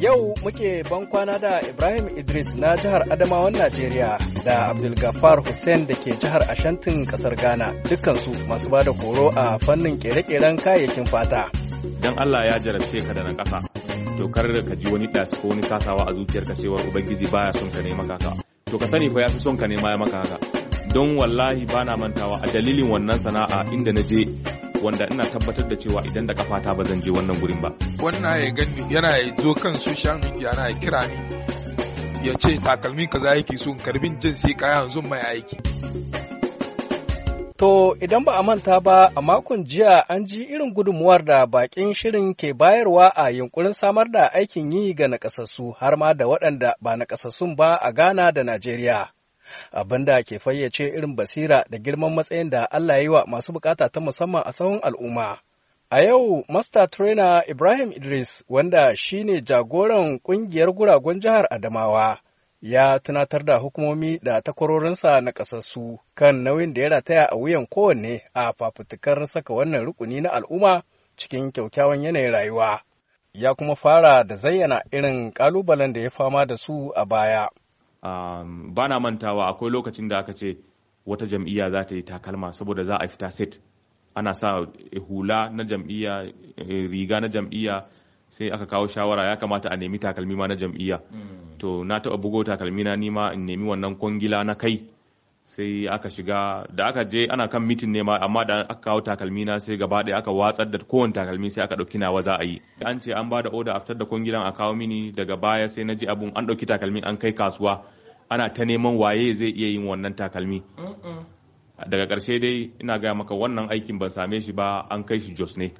Yau muke ban kwana da Ibrahim Idris na jihar Adamawan Najeriya da Abdulgafar Hussein da ke jihar Ashantin kasar Ghana dukkansu masu ba da horo a fannin kere-keren kayayyakin fata. Dan Allah ya jarabce ka da na ƙasa, to kar ka ji wani ɗasi ko wani sasawa a zuciyarka cewa Ubangiji baya son ka nema kaka. To ka sani fa ya fi son ka nema ya maka haka. Don wallahi bana mantawa a dalilin wannan sana'a inda na je wanda ina tabbatar da cewa idan da kafata ba zan je wannan gurin ba wannan ya gani yana ya zo kan social media yana kira ni ya ce takalmi kaza yake so karbin jin sai kaya yanzu mai aiki To idan ba a manta ba a makon jiya an ji irin gudunmuwar da bakin shirin ke bayarwa a yunkurin samar da aikin yi ga nakasassu har ma da waɗanda ba nakasassun ba a Ghana da Najeriya. abin da ke fayyace irin basira da girman matsayin da Allah ya yi wa masu bukata ta musamman a sahun al'umma. A yau, Master Trainer Ibrahim Idris, wanda shi ne jagoran ƙungiyar guragun jihar Adamawa, ya tunatar da hukumomi da takwarorinsa na ƙasassu kan nauyin da ya rataya a wuyan kowanne a fafutukar saka wannan rukuni na al'umma cikin kyaukyawan yanayin rayuwa. Ya kuma fara da zayyana irin ƙalubalen da ya fama da su a baya. um, ba na mantawa akwai lokacin da aka ce wata jam'iyya za ta yi takalma saboda za a fita set ana sa eh, hula na jam'iyya eh, riga na jam'iyya sai aka kawo shawara ya kamata a nemi takalmi ma na jam'iyya hmm. to na taɓa bugo takalmi na nima in nemi wannan kwangila na kai sai aka shiga da aka je ana kan mitin ne ma amma da aka kawo takalmi na sai gaba ɗaya aka watsar da kowane takalmi sai aka ɗauki nawa za a yi an ce an bada oda a fitar da gidan a kawo mini daga baya sai na ji abun an ɗauki takalmi an kai kasuwa ana ta neman waye zai iya yin wannan takalmi daga karshe dai ina gaya maka wannan aikin ban same shi ba an kai shi jos ne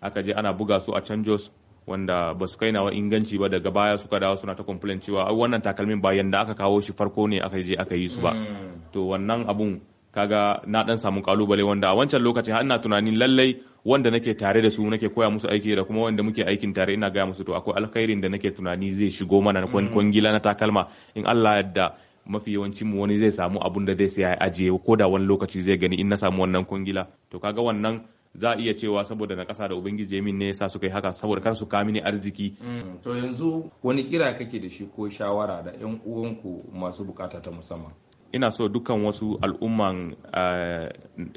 aka je ana buga su a can jos wanda ba su kai nawa inganci ba daga baya suka dawo suna ta complain cewa ai wannan takalmin ba yanda aka kawo shi farko ne aka je aka yi su ba hmm. to wannan abun kaga na dan samu kalubale wanda a wancan lokacin har ina tunanin lallai wanda nake tare da su nake koya musu aiki da kuma wanda muke aikin tare ina gaya musu to akwai alkhairin da nake tunani zai shigo mana hmm. kwangila na takalma in Allah yadda mafi yawancin mu wani zai samu abun da zai ya ajiye ko da wani lokaci zai gani in na samu wannan kwangila to kaga wannan za a iya cewa saboda na ƙasa da ubangiji yamin ne sa suka yi haka saboda kar su kami ni arziki mm, to yanzu wani kira kake da shi ko shawara da yan uwanku masu bukata ta musamman ina so dukkan wasu al'umman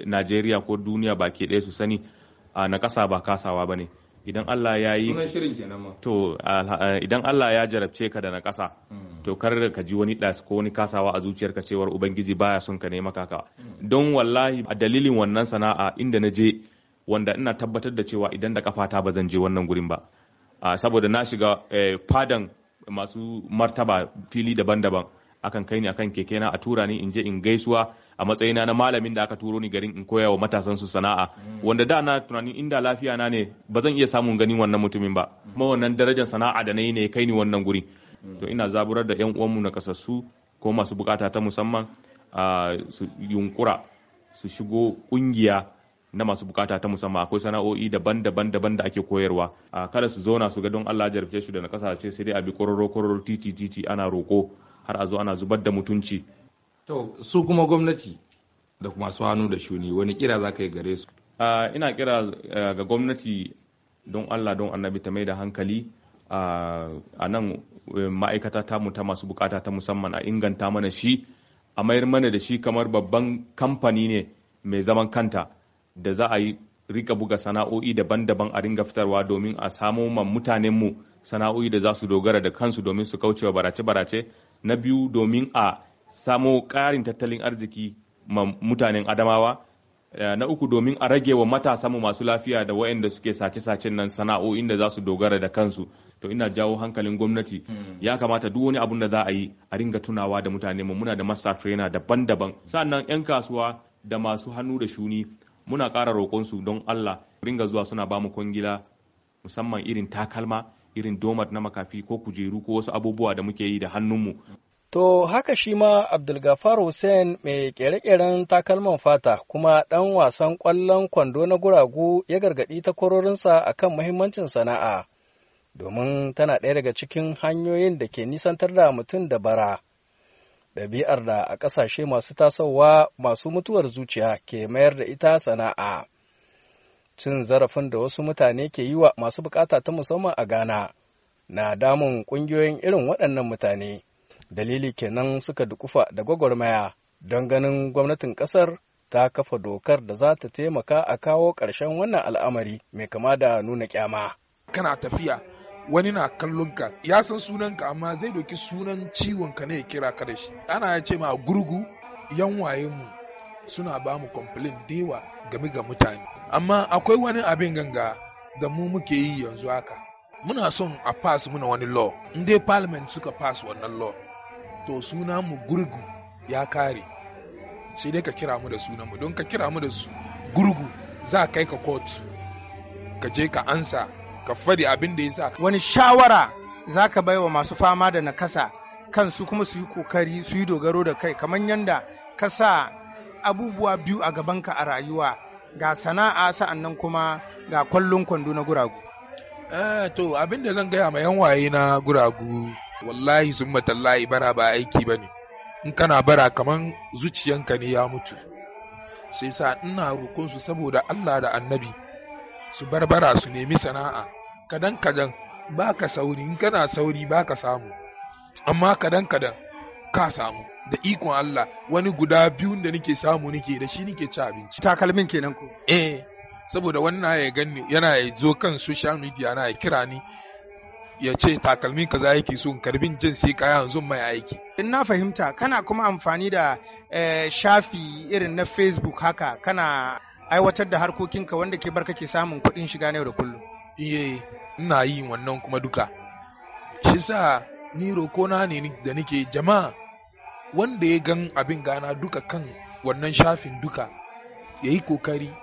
Najeriya ko duniya ba ke su sani na ƙasa ba kasawa ba ne idan Allah ya yi to idan Allah ya jarabce ka da na ƙasa mm. to kar ka ji wani ɗas ko wani kasawa a zuciyarka cewar ubangiji baya son ka nema kaka mm. don wallahi a dalilin wannan sana'a inda na je wanda ina tabbatar da cewa idan da kafata ba zan je wannan gurin ba saboda na shiga eh, fadan masu martaba fili daban-daban akan kai ni akan keke na a tura ni in je in gaisuwa a matsayina na malamin da aka turo ni garin in koya wa matasan su sana'a mm. wanda da na tunanin inda lafiya na ne ba zan iya samun ganin wannan mutumin ba mm. kuma wannan darajar sana'a da nayi ne kai ni wannan guri mm. to ina zaburar da yan uwanmu na kasassu ko masu bukata ta musamman su yunkura su shigo kungiya na masu bukata ta musamman akwai sana'o'i daban-daban daban da ake koyarwa a kada su zauna su ga don Allah jarfe shi da na kasashe sai dai a bi kororo kororo titi titi ana roko har a zo ana zubar da mutunci to su kuma gwamnati da kuma su hannu da shuni wani kira za ka yi gare su ina kira eh, ga gwamnati don Allah don annabi ta mai da hankali a nan eh, ma'aikata tamu ta masu bukata ta musamman a inganta mana shi a mayar mana da shi kamar babban kamfani ne mai zaman kanta da za a yi rika buga sana'o'i daban-daban a ringa fitarwa domin a samo ma mutanenmu sana'o'i da za su dogara da kansu domin su kaucewa barace-barace na biyu domin a samo ƙarin tattalin arziki ma mutanen adamawa eh, na uku domin a rage wa matasa mu masu lafiya da waɗanda suke sace-sacen nan sana'o'in da za su dogara da kansu to ina jawo hankalin gwamnati hmm. ya kamata duk wani abun da za a yi a ringa tunawa da mutane mu muna da masa trainer daban-daban sannan 'yan kasuwa da masu hannu da shuni muna ƙara roƙonsu don allah ringa zuwa suna ba mu kwangila musamman irin takalma irin domat na makafi ko kujeru ko wasu abubuwa da muke yi da hannunmu To haka shi ma Abdulgafar Hussein mai ƙere-ƙeren takalman fata kuma ɗan wasan ƙwallon kwando na guragu ya gargaɗi takwarorinsa a kan muhimmancin sana'a, domin tana ɗaya daga cikin hanyoyin da ke nisantar da mutum da bara. ɗabi'ar da a ƙasashe masu tasowa masu mutuwar zuciya ke mayar da ita sana'a cin zarafin da wasu mutane ke yi wa masu bukata ta musamman a ghana na damun ƙungiyoyin irin waɗannan mutane dalili kenan suka dukufa da gwagwarmaya don ganin gwamnatin ƙasar ta kafa dokar da za ta taimaka a kawo ƙarshen wannan al'amari mai kama da nuna kyama. kana tafiya wani na kallon ka ya san sunanka amma zai doki sunan ciwon ka ne ya kira ka da shi ana ya ce ma gurgu yan waye mu suna ba mu complain dewa game ga mutane amma akwai wani abin ganga da mu muke yi yanzu haka muna son a pass muna wani law in dai parliament suka pass wannan law to suna mu gurgu ya kare sai dai ka kira mu da sunan mu don ka kira mu da su gurgu za kai ka court ka je ka ansa ka fadi abin da ya sa wani shawara za ka bai masu fama da nakasa kansu kuma su yi kokari su yi dogaro da kai kamar yadda ka sa abubuwa biyu a gabanka a rayuwa ga sana'a sa'annan kuma ga kwallon kwando na guragu eh to abin da zan gaya ma yan waye na guragu wallahi sun matallahi bara ba aiki bane in kana bara kamar zuciyanka ne ya mutu sai sa ina roƙon saboda Allah da annabi su barbara su nemi sana'a kadan kadan baka sauri in kana sauri baka samu amma kadan kadan ka samu da ikon Allah wani guda biyun da nake samu nake da shi nake ci abinci takalmin kenan ko eh saboda wannan ya gani yana ya zo kan social media na ya kira ni ya ce takalmin kaza yake so karbin jin sai kaya yanzu mai aiki in na fahimta kana kuma amfani da eh, shafi irin na facebook haka kana aiwatar da harkokinka wanda ke bar kake samun kuɗin shiga na yau da kullum iye ina yi wannan kuma duka shi sa ni rokona ne da nake jama'a wanda ya gan abin gana duka kan wannan shafin duka ya yi kokari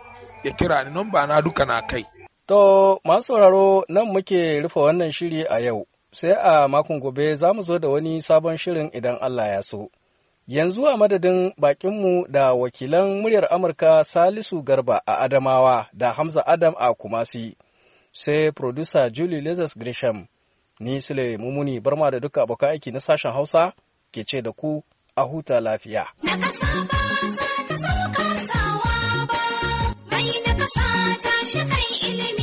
ya kira ni nan na duka na kai to masu sauraro nan muke rufe wannan shiri a yau sai a makon gobe za mu zo da wani sabon shirin idan Allah ya so Yanzu a madadin bakinmu da wakilan muryar Amurka Salisu Garba a Adamawa da Hamza Adam a Kumasi, sai producer Julie Lazarus Grisham, ni Sule Mumuni barma da duka abokan aiki na sashen Hausa ke ce da ku a huta lafiya. Na ba za ta sawa ba, bai na kasa ta shi kai ilimi.